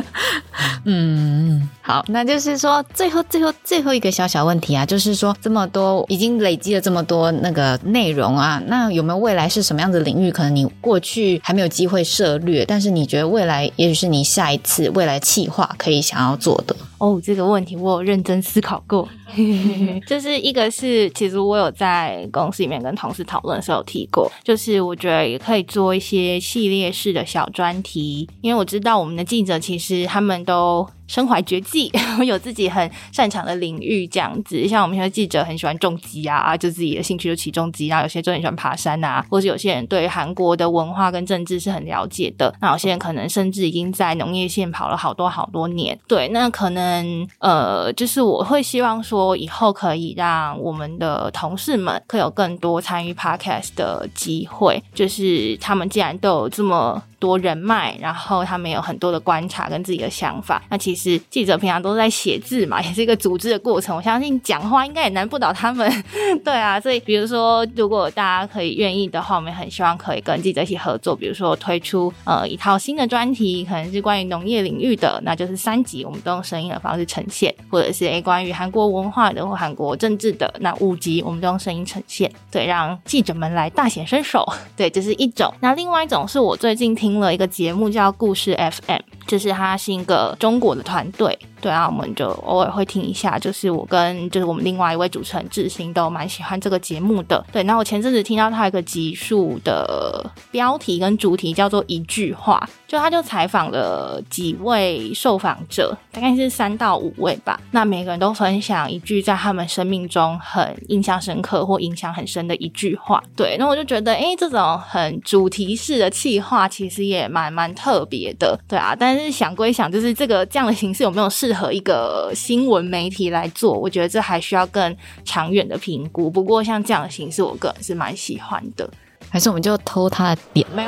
嗯，好，那就是說最後最後最後一個小小問題啊，就是說這麼多已經累積了這麼多那個內容啊，那有沒有未來是什麼樣的領域？可能你過去還沒有機會涉獵，但是你覺得未來也許是你下一次未來期計劃可以想要做的。哦，這個問題我有認真思考過， 就是一個是，其實我有在公司裡面跟同事討論的時候有提過，就是我覺得也可以做一些系列式的小專題，因為我知道我們的記者其實他們都身懷絕技，有自己很擅長的領域這樣子。像我們現在記者很喜歡重機啊，啊，就自己的興趣就騎重機，然後有些就很喜歡爬山啊，或者有些人對韓國的文化跟政治是很了解的，那有些人可能甚至已經在農業線跑了好多好多年，對，那可能。嗯，呃，就是我會希望說，以後可以讓我們的同事們更有更多參與 Podcast 的機會。就是他們既然都有這麼多人脈，然後他們有很多的觀察跟自己的想法。那其實記者平常都在寫字嘛，也是一個組織的過程。我相信講話應該也難不倒他們， 對啊。所以，比如說，如果大家可以願意的話，我們也很希望可以跟記者一起合作。比如說推出呃一套新的專題，可能是關於農業領域的，那就是三集，我們都用聲音的方式呈現；或者是哎、欸，關於韓國文化的或韓國政治的，那五集，我們都用聲音呈現。對，讓記者們來大顯身手。對，這是一種。那另外一種是我最近聽。聽了一個節目叫《故事 FM》，就是它是一個中國的團隊。對啊，我們就偶爾會聽一下。就是我跟就是我們另外一位主持人致昕都蠻喜歡這個節目的。對，那我前陣子聽到他有一個集數的標題跟主題叫做“一句話”，就他就採訪了幾位受訪者，大概是三到五位吧。那每個人都分享一句在他們生命中很印象深刻或影響很深的一句話。對，那我就覺得，哎，這種很主題式的企劃，其實也蠻蠻特別的。對啊，但是想歸想，就是這個這樣的形式有沒有適適合一個新聞媒體來做，我覺得這還需要更長遠的評估。不過，像這樣的形式，我個人是蠻喜歡的。還是我們就偷他的點， 講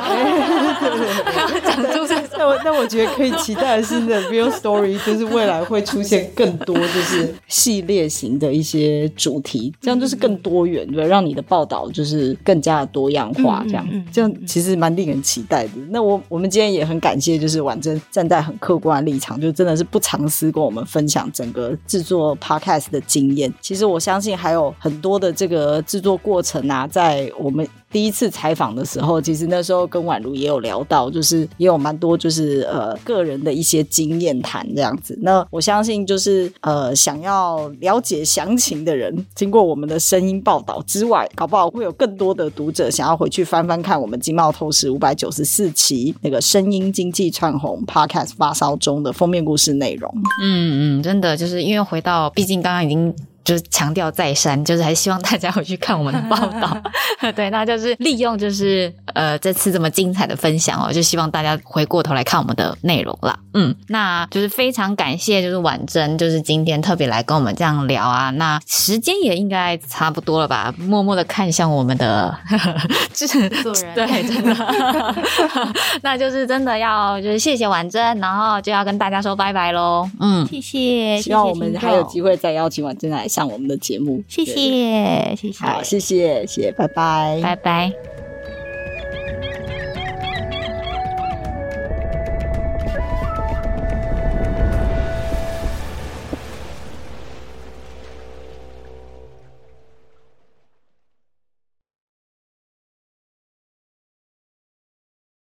出聲 那我那我覺得可以期待的是新的 The Real Story，就是未來會出現更多就是系列型的一些主題， 這樣就是更多元，對，讓你的報道就是更加的多樣化。嗯嗯嗯，這樣，這樣其實蠻令人期待的。那我我們今天也很感謝，就是婉珍站在很客觀的立場，就真的是不藏私，跟我們分享整個製作 Podcast 的經驗。其實我相信還有很多的這個製作過程啊，在我們。第一次採訪的時候，其實那時候跟宛如也有聊到，就是也有蠻多就是呃個人的一些經驗談這樣子。那我相信，就是呃想要了解詳情的人，經過我們的聲音報道之外，搞不好會有更多的讀者想要回去翻翻看我們《經貿透視》五百九十四期那個“聲音經濟串紅 ”Podcast 發燒中的封面故事內容。嗯嗯，真的就是因為回到，畢竟剛剛已經。就是強調再三，就是還希望大家回去看我們的報道。 對，那就是利用就是呃這次這麼精彩的分享哦，就希望大家回過頭來看我們的內容了。嗯，那就是非常感謝，就是婉珍，就是今天特別來跟我們這樣聊啊。那時間也應該差不多了吧？默默的看向我們的呵呵，製作人，對，真的， 那就是真的要就是謝謝婉珍，然後就要跟大家說拜拜嘍。嗯，謝謝，希望我們還有機會再邀請婉珍來上我們的節目，謝謝，謝謝，好，謝謝，謝謝，拜拜，拜拜。拜拜。